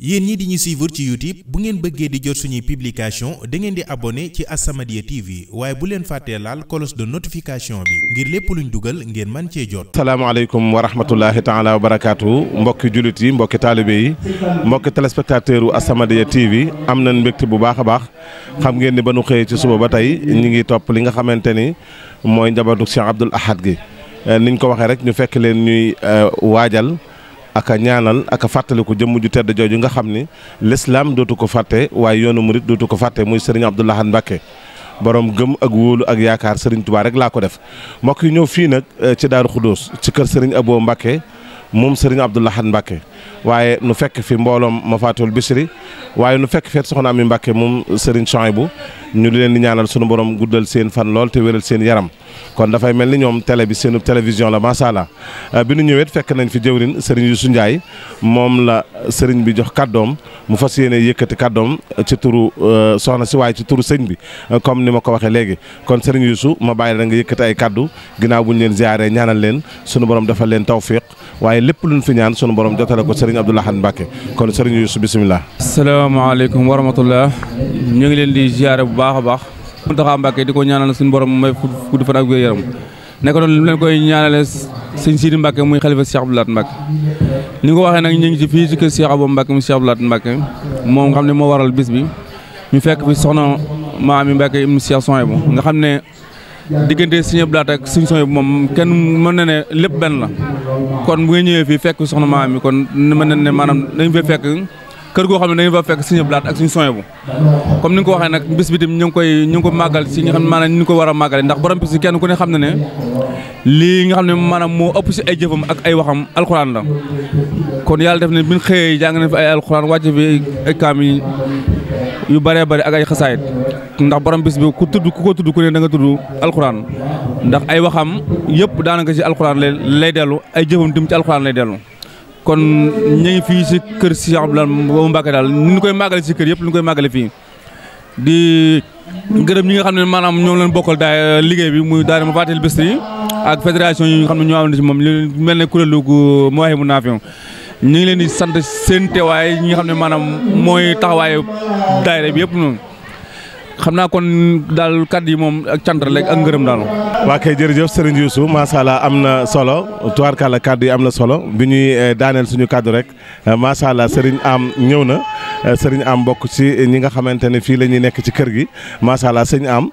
yéen ñi di ñu suivre ci YouTube bu ngeen bëggee di jot suñuy publication da ngeen di abonné ci As-Samadiyya TV waaye bu leen fàttee laal cloche de notification bi ngir lépp luñ dugal ngeen man cee jot. salaamaaleykum wa rahmatullahi taala wa barakaatu mbokki jullit yi mbokki taalibe yi mbokki téléspectateur u As-Samadiyya TV am nañ mbégte bu baax a baax xam ngeen ni ba nu xëyee ci suba ba tey ñu ngi topp li nga xamante ni mooy njabootu Cheikh Abdoul Ahad gi eh, niñ ko waxee rek ñu fekk leen ñuy eh, waajal. ak a ñaanal ak a fàttaliku jëmm ju tedd jooju nga xam ni lislaam dootu ko fàtte waaye yoonu murit dootu ko fàtte muy sëriñ Abdoul Ahad Mbacké borom gëm ak wóolu ak yaakaar sëriñ Touba rek laa ko def mbokk yi ñëw fii nag eh, ci Daaru Xudóos ci kër sëriñ Abo Mbacké moom sëriñ Abdoul Ahad waaye nu fekk fi mbooloom Mafatul Bisri waaye nu fekk feet soxna Ami Mbàkke moom Serigne bu ñu di leen di ñaanal sunu borom guddal seen fan lool te wéral seen yaram kon dafay mel ni ñoom télé bi seenu télévision la macha allah euh, bi nu ñëwee fekk nañ fi jëwrin Serigne Youssou njaay moom la Serigne bi jox kàddoom mu fas yéene yëkkati kàddoom ci turu euh, soxna si waaye ci turu sëñ bi euh, comme ni ma ko waxee léegi kon Serigne Youssou ma bàyyi la nga yëkkati ay kàddu ginnaaw bu leen ziaree ñaanal leen sunu borom dafa leen tawfiq waaye lépp luñ fi ñaan borom jotale ko sëriñ Abdou Lahad Mbacke kon sëriñ Youssou bisimilah. salaamaaleykum wa rahmatulah ñu ngi leen di ziare bu baax a baax. Mountakha Mbacke di ko ñaanal suñu borom may gudd fan ak wér yaram nekk doon lu leen koy ñaanale sëñ Sidi Mbacke muy xalifa Cheikh Abdou Lahad Mbacke ni nga ko waxee nag ñu ngi ci fii ci kër Cheikh Abou Mbacke mu Cheikh Abdou Lahad Mbacke moom nga ne moo waral bis bi ñu fekk fi soxna maam yi Mbacke mu Cheikh Souhaïbou nga xam ne diggante Sëñ Abdou Lahat ak Sëñ Soy bu moom kenn mën na ne lépp benn la kon bu nga ñëwee fii fekk soxna maam mi kon mën na ne maanaam dañu fay fekk kër goo xam ne dañu fa fekk Sëñ Abdou Lahat ak Sëñ Soy bu comme ni ko waxee nag bis bi tam ñu ngi koy ñu ngi ko màggal si nga xam ne a màggale ndax borom bis kenn ku ne xam na lii nga xam ne maanaam moo ëpp si ay jëfam ak ay waxam alxuraan la kon yàlla def ne bi ñu xëyee jàng nañ fi ay alxuraan wàcce fi ay kaam yu bëree bëri ak ay xasaayit ndax borom bis bi ku tudd ku ko tudd ku ne da nga tudd alxuraan ndax ay waxam yëpp daanaka si alxuraan lay lay dellu ay jëfam tim ci alxuraan lay dellu. kon ñu ngi fii si kër si la Abdoulaye Mbacke daal ñu koy màggale si kër yëpp ñu koy màggale fii di gërëb ñi nga xam ne maanaam ñoo leen bokkal daay liggéey bi muy daara ma fàttali Bichri ak fédération yi nga xam ne ñoo am na ci moom li mel ne kuréelu Mawahibou Nafih ñu ngi leen di sant seen teewaay ñi nga xam ne maanaam mooy taxawaayu daayira bi yëpp noonu. xam naa kon daal kàddu yi moom ak cant rek ak ngërëm daal waa kay jërëjëf Serigne Youssou macha allah am na solo tubaarkàlla kàddu yi am na solo bi ñuy eh, daaneel suñu kàddu rek eh, macha allah Serigne am ñëw na eh, Serigne am bokk ci ñi nga xamante ne fii la ñuy nekk ci kër gi macha allah sëñ am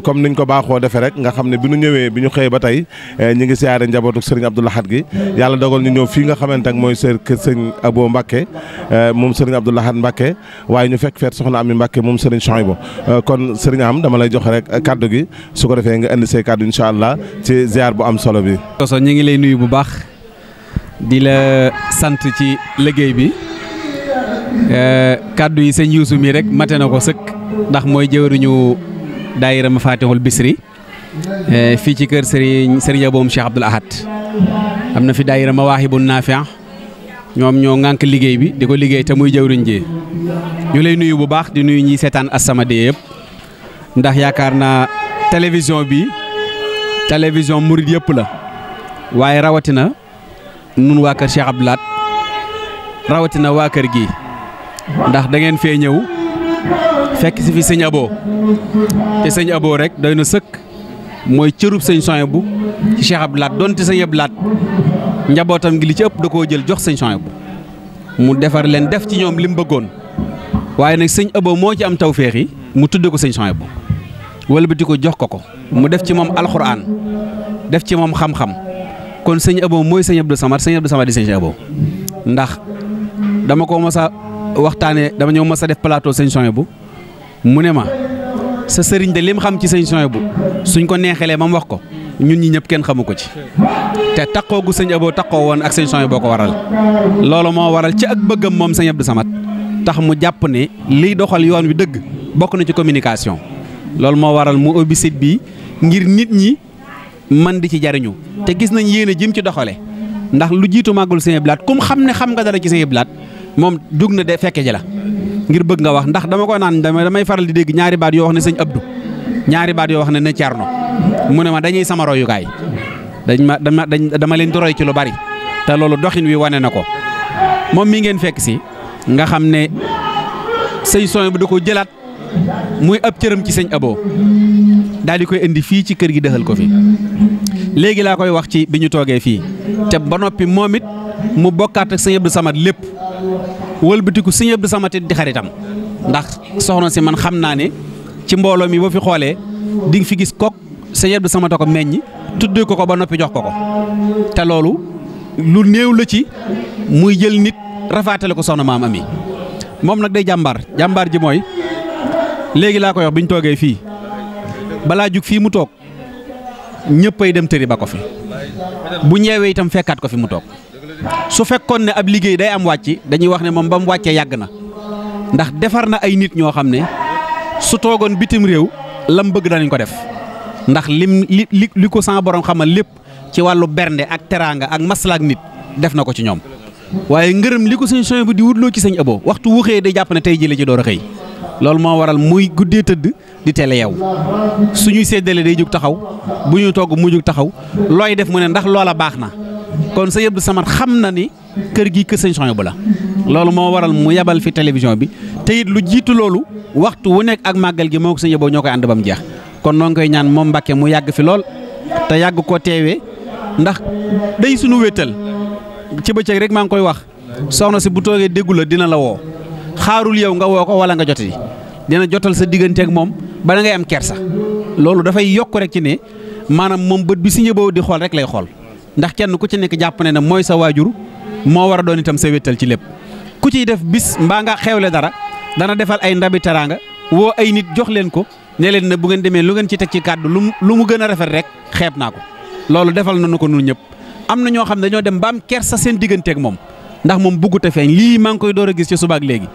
comme niñ ko baaxoo defee rek nga xam ne bi ñu ñëwee bi ñu xëyee ba tey ñi ngi siyaare njabootu Serigne Abdou Lahad gi yàlla dogal ñu ñëw fii nga xamante ak mooy sër kër sëñ Abo Mbacke moom Serigne Abdou Lahad Mbacke waaye ñu fekk feet soxna Ami Mbacke moom Serigne Chouaïbou kon Serigne am dama lay jox rek kàddu gi su ko defee nga indi say kaddu incha allah ci ziar bu am solo bi. Koso ñu ngi lay nuyu bu baax di la sant ci liggéey bi euh, kàddu yi sëñ Yuusu mii rek mate na ko sëkk ndax mooy jëwriñu daayira Mafatihul Bisri euh, fii ci kër Serigne Serigne Aboum Cheikh Abdoul Ahad am na fi daayira Mawaahibun Naafi' ñoom ñoo ŋànk liggéey bi di ko liggéey te muy jëwriñ ji ñu lay nuyu bu baax di nuyu ñiy seetaan As-Samadiyya yëpp ndax yaakaar naa télévision bi télévision murit yëpp la waaye rawatina nun waa kër Cheikh Abdou Lahad rawatina waa kër gi ndax da ngeen fee ñëw fekk si fi sëñ Abo te sëñ Abo rek doy na sëkk mooy cërub sëñ bu ci Cheikh Abdou Lahad donte sëñ Abdou Lahad njabootam gi li ci ëpp da koo jël jox sëñ bu mu defar leen def ci ñoom li mu bëggoon waaye nag sëñ Abo moo ci am tawféex yi mu tudd ko sëñ bu wëlbati ko jox ko ko mu def ci moom alxuraan def ci moom xam-xam kon sëñ Abo mooy sëñ Abdou Samad sëñ Abdou Samad di sëñ ndax dama ko mos a waxtaanee dama ñëw mos a def plateau sëñ bu mu ne ma sa sëriñ de lim xam ci sëñ bu suñ ko neexalee ba mu wax ko ñun ñi ñëpp kenn xamu ko ci te takkoo gu sëñ Abo takkoo woon ak sëñ Souhaibou boo ko waral loolu moo waral ci ak bëggam moom sëñ Abdou Samad tax mu jàpp ne liy doxal yoon wi dëgg bokk na ci communication. loolu moo waral mu ubbi site bi ngir nit ñi man di ci jariñu te gis nañ yéene jëm ci doxale ndax lu jiitu màggul Sëñ Abdou Lahad kum xam ne xam nga dara ci Sëñ Abdou moom jug na de fekke ji la ngir bëgg nga wax ndax dama ko naan damay faral di dégg ñaari baat yoo wax ne sëñ Abdou ñaari baat yoo wax ne ne Cerno mu ne ma dañuy sama royukaay dañ ma dama dama leen di ci lu bari te loolu doxin wi wane na ko moom mii ngeen fekk si nga xam ne sëñ son bi da ko jëlaat muy ab cëram ci sëñ Abo daal di koy indi fii ci kër gi dëxal ko fi léegi laa koy wax ci bi ñu toogee fii te ba noppi moom it mu bokkaat ak sëñ Abdou Samad lépp wëlbatiku sëñ Abdou Samad it di xaritam ndax soxna si man xam naa ne ci mbooloo mi boo fi xoolee di nga fi gis kook sëñ Abdou Samad ko meññ tuddee ko ko ba noppi jox ko ko te loolu lu néew la ci muy jël nit rafaatale ko soxna maam ami moom nag day jàmbaar jàmbaar ji mooy léegi laa koy wax bi ñu toogee fii balaa jug fii mu toog ñëppay dem tëri ba ko fi bu ñeewee itam fekkaat ko fi mu toog su fekkoon ne ab liggéey day am wàcc dañuy wax ne moom ba mu wàccee yàgg na ndax defar na ay nit ñoo xam ne su toogoon bitim réew lam bëgg danañ ko def ndax lim li li li ko sama borom xamal lépp ci wàllu bernde ak teraanga ak maslaak nit def na ko ci ñoom waaye ngërëm li ko sëñ soñ bu di wutloo ci sëñ abo waxtu wuxee day jàpp ne tey ji la ci door xëy loolu moo waral muy guddee tëdd di teel yow suñuy séddale day jóg taxaw bu ñu togg mu jóg taxaw looy def mu ne ndax loola baax na kon sa yëpp samat xam na ni kër gi kër sëñ Soñe bu la loolu moo waral mu yebal fi télévision bi te it lu jiitu loolu waxtu wu nekk ak màggal gi moo ko sëñ yeboo ñoo koy ànd ba mu jeex kon noon ngi koy ñaan moom Mbàkke mu yàgg fi lool te yàgg koo teewee ndax day suñu wéetal ci bëccëg rek maa ngi koy wax soxna si bu toogee déggu la dina la woo xaarul yow nga woo ko wala nga jotati dina jotal sa digganteeg moom ba da ngay am kersa loolu dafay yokk rek ci ne maanaam moom bët bi si ñëboo di xool rek lay xool ndax kenn ku ci nekk jàpp ne ne mooy sa waajur moo war a doon itam sa wéttal ci lépp ku ciy def bis mbaa nga xewle dara dana defal ay ndabi teraanga woo ay nit jox leen ko ne leen na bu ngeen demee lu ngeen ci teg ci kàddu lu mu gën a rafet rek xeeb naa ko loolu defal nañu ko nun ñëpp am na ñoo xam ne dañoo dem ba am kersa seen digganteeg moom ndax moom bëggut a feeñ lii maa ngi koy door a gis ci subaak léegi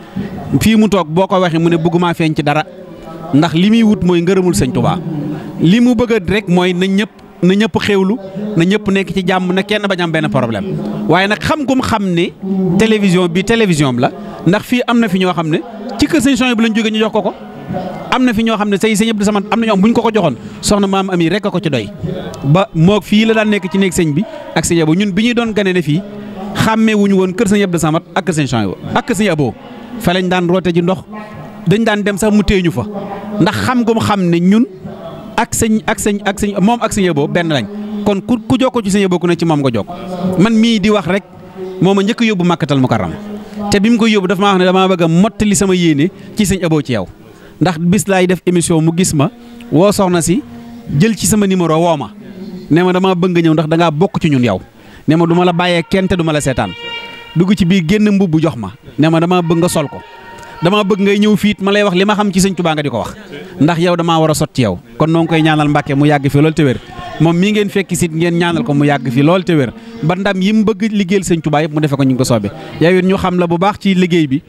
fii mu toog boo ko waxee mu ne bëggumaa feeñ ci dara ndax li muy wut mooy ngërëmul sëñ Tuubaa li mu bëgg rek mooy na ñëpp na ñëpp xéewlu na ñëpp nekk ci jàmm na kenn bañ am benn problème waaye nag xam gum xam ne télévision bi télévision la ndax fii am na fi ñoo xam ne ci kër sëñ son bi lañ jógee ñu jox ko ko am na fi ñoo xam ne say sëñ Abdou Samad am na ñoom bu ñu ko ko joxoon soxna maam ami rek a ko ci doy ba moo fii la daan nekk ci néeg sëñ bi ak sëñ bu ñun bi ñuy doon gane ne fii xàmmee woon kër sëñ Abdou Samad ak kër sëñ Chanyo ak kër sëñ Abo fa lañ daan roote ji ndox dañ daan dem sax mu téeñu fa ndax xam mu xam ne ñun ak sëñ ak sëñ ak sëñ moom ak sëñ Abo benn lañ kon ku ku jokkoo ci sëñ Abo ku ne ci moom nga jokk man mii di wax rek moom a njëkk yóbbu Makkatal Mukarram te bi mu koy yóbbu dafa maa wax ne damaa bëgg a mottali sama yéene ci sëñ Abo ci yow ndax bis laay def émission mu gis ma woo soxna si jël ci sama numéro woo ma ne ma damaa bëgg ñëw ndax dangaa bokk ci ñun yow ne ma du ma la bàyyee kenn te du la seetaan dugg ci biir génn mbubb jox ma ne ma dama bëgg nga sol ko damaa bëgg ngay ñëw fiit ma lay wax li ma xam ci sëñ Tuubaa nga di ko wax ndax yow damaa war a sot ci yow kon noo ngi koy ñaanal Mbàkke mu yàgg fi lool te moom mii ngeen fekki sit ngeen ñaanal ko mu yàgg fi lool te wér ba ndam yi mu bëgg liggéeyal sëñ Tuubaa yëpp mu defe ko ñu ngi ko soobee yow ñu xam la bu baax ci liggéey bi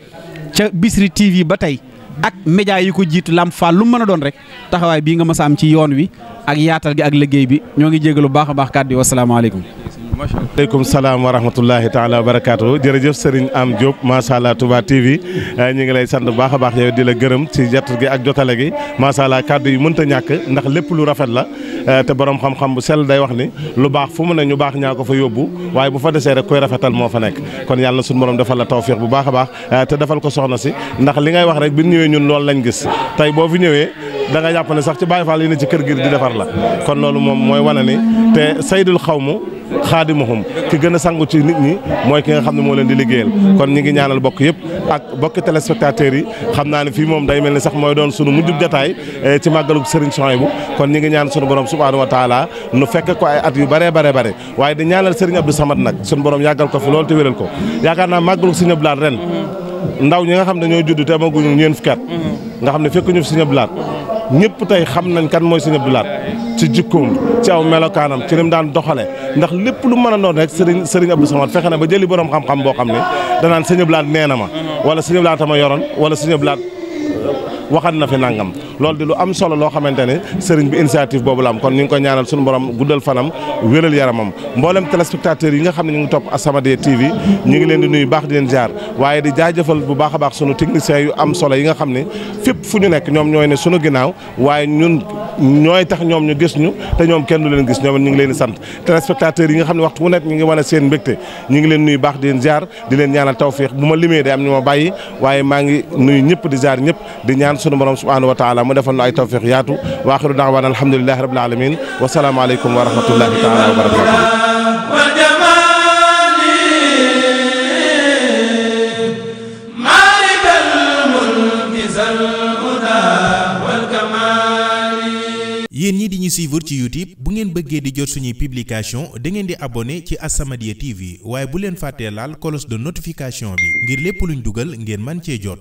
ca Bichri TV ba tey ak média yi ko jiitu Lamp Fall lu mën a doon rek taxawaay bii nga mës a ci yoon wi ak yaatal gi ak liggéey bi ñoo ngi jégalu baax a baax kàddu yi wasalaamaaleykum aleykum salaam wa rahmatullahi taala wa barakaatu jërëjëf Serigne Am Diop macha allah Touba TV eh, ñu ngi lay sant bu baax a baax yow di la gërëm ci jot gi ak jotale gi macha allah kàddu yi mënta ñàkk ndax lépp lu rafet la eh, te borom xam bu sell day wax ni lu baax fu mu ne ñu baax ñaa ko fa yóbbu waaye bu fa desee rek koy rafetal moo fa nekk kon yàlla na suñu borom defal la tawfiix bu baax a baax eh, te defal ko soxna si ndax li ngay wax rek bi ñëwee ñun loolu lañ gis tey boo fi ñëwee da nga jàpp ne sax ci Baay ala yi ne ci kër gi di defar la kon loolu moom mooy wane ni te saydul xawmu xaadimuhum ki gën a sangu ci nit ñi mooy ki nga xam ne moo leen di liggéeyal kon ñi ngi ñaanal bokk yëpp ak bokki téléspectateurs yi xam naa ne fii moom day mel ni sax mooy doon sunu mujjub jotaay eh, ci màggalu Serigne Souhaïbou kon ñi ngi ñaan sunu borom subhaanahu wa taala nu fekk ko ay at yu bare bare bare waaye di ñaanal Serigne Abdou Samad nag sunu borom yàggal ko fi loolu te wéral ko yaakaar naa màggalu Serigne Abdou Lahad ren ndaw ñi nga xam ne ñoo judd te amaguñu ñeen fukki at nga xam ne fekk ñu fi Serigne Abdou Lahad ñëpp tey xam nañ kan mooy Serigne Abdou Lahad ci jikkoom ci aw melokaanam ci lim daan doxale ndax lépp lu mën a doon rek sëriñ sëriñ Abdou fexe na ba jëli borom xam-xam boo xam ne danaan sëñ Ablaat nee na ma wala sëñ Ablaat ma yoroon wala sëñ Ablaat waxat na fi nangam loolu di lu am solo loo xamante ne sëriñ bi initiative boobu la am kon ñu ngi ko ñaanal suñu borom guddal fanam wéral yaramam mboolem téléspectateurs yi nga xam ne ñu ngi topp As-Samadiyya TV ñu ngi leen di nuyu baax di leen jaar waaye di jaajëfal bu baax a baax am solo yi nga xam ne fépp fu ñu nekk ñoom ñooy ne sunu ginnaaw waaye ñun ñooy tax ñoom ñu gis ñu te ñoom kenn du leen gis ñoom ñu ngi leen di sant téléspectateurs yi nga xam ne waxtu wu nekk ñu ngi wane seen mbégte ñu ngi leen nuyu baax di leen jaar di leen ñaanal tawféex bu ma limee day am ñu ma bàyyi waaye maa ngi nuyu ñëpp di jaar ñëpp di ñaan ñaan sunu borom subhanahu wa taala mu defal nu ay tawfiq yaatu wa axiru daawaana alhamdulilahi rabbil alamin wa salaamu aleykum wa rahmatullahi wa barakatuh yéen ñi di ñu suivre ci YouTube bu ngeen bëggee di jot suñuy publication da ngeen di abonné ci As-Samadiyya TV waaye bu leen fàttee laal cloche de notification bi ngir lépp luñ dugal ngeen man cee jot